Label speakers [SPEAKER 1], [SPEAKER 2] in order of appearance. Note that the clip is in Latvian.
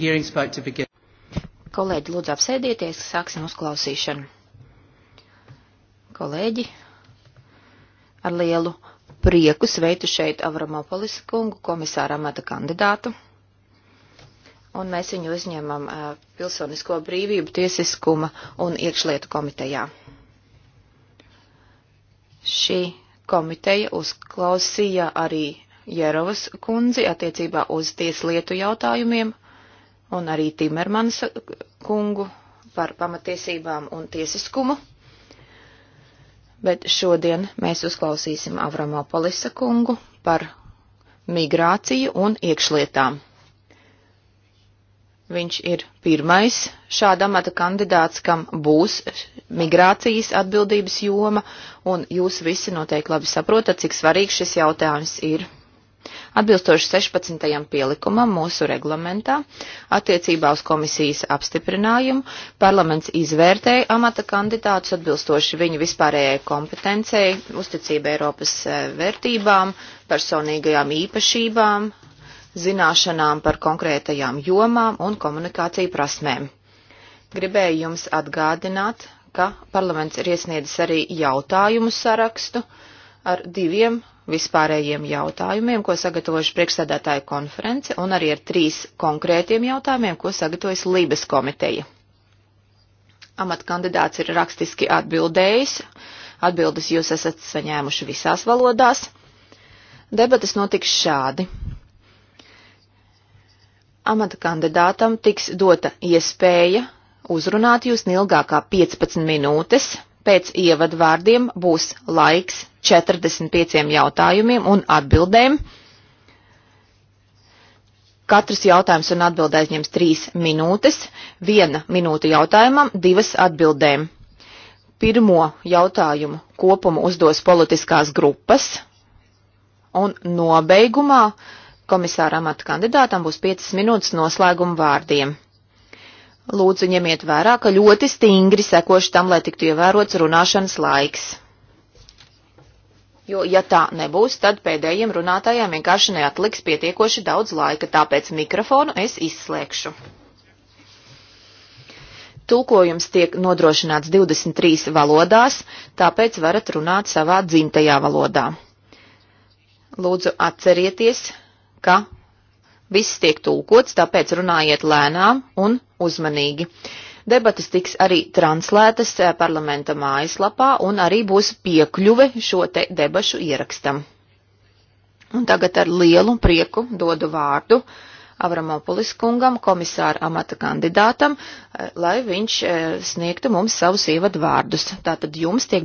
[SPEAKER 1] Kolēģi, lūdzu apsēdieties, sāksim uzklausīšanu. Kolēģi, ar lielu prieku sveitu šeit Avramopolis kungu, komisāra amata kandidātu. Un mēs viņu uzņemam eh, Pilsonisko brīvību, tiesiskuma un iekšlietu komitejā. Šī komiteja uzklausīja arī Jerovas kundzi attiecībā uz tieslietu jautājumiem un arī Timermans kungu par pamatiesībām un tiesiskumu. Bet šodien mēs uzklausīsim Avramo Polisa kungu par migrāciju un iekšlietām. Viņš ir pirmais šāda amata kandidāts, kam būs migrācijas atbildības joma, un jūs visi noteikti labi saprotat, cik svarīgs šis jautājums ir Atbilstoši 16. pielikumam mūsu reglamentā attiecībā uz komisijas apstiprinājumu parlaments izvērtēja amata kandidātus atbilstoši viņu vispārējai kompetencijai, uzticībai Eiropas eh, vērtībām, personīgajām īpašībām, zināšanām par konkrētajām jomām un komunikāciju prasmēm. Gribēju jums atgādināt, ka parlaments ir iesniedzis arī jautājumu sarakstu ar diviem vispārējiem jautājumiem, ko sagatavojuši priekšsēdētāja konference, un arī ar trīs konkrētiem jautājumiem, ko sagatavojas Lības komiteja. Amatkandidāts ir rakstiski atbildējis, atbildes jūs esat saņēmuši visās valodās. Debates notiks šādi. Amata kandidātam tiks dota iespēja uzrunāt jūs neilgākā 15 minūtes, Pēc ievadvārdiem būs laiks 45 jautājumiem un atbildēm. Katrs jautājums un atbilde aizņems 3 minūtes, 1 minūte jautājumam, 2 atbildēm. Pirmo jautājumu kopumu uzdos politiskās grupas, un nobeigumā komisāra amata kandidātam būs 5 minūtes noslēguma vārdiem. Lūdzu, ņemiet vērā, ka ļoti stingri sekoši tam, lai tiktu ievērots runāšanas laiks. Jo, ja tā nebūs, tad pēdējiem runātājiem vienkārši neatliks pietiekoši daudz laika, tāpēc mikrofonu es izslēgšu. Tulkojums tiek nodrošināts 23 valodās, tāpēc varat runāt savā dzimtajā valodā. Lūdzu, atcerieties, ka Viss tiek tulkots, tāpēc runājiet lēnām un uzmanīgi. Debatas tiks arī translētas eh, parlamenta mājaslapā un arī būs piekļuve šo te debašu ierakstam. Un tagad ar lielu prieku dodu vārdu Avramopulis kungam, komisāra amata kandidātam, eh, lai viņš eh, sniegtu mums savus ievadvārdus. Tātad jums tiek dots.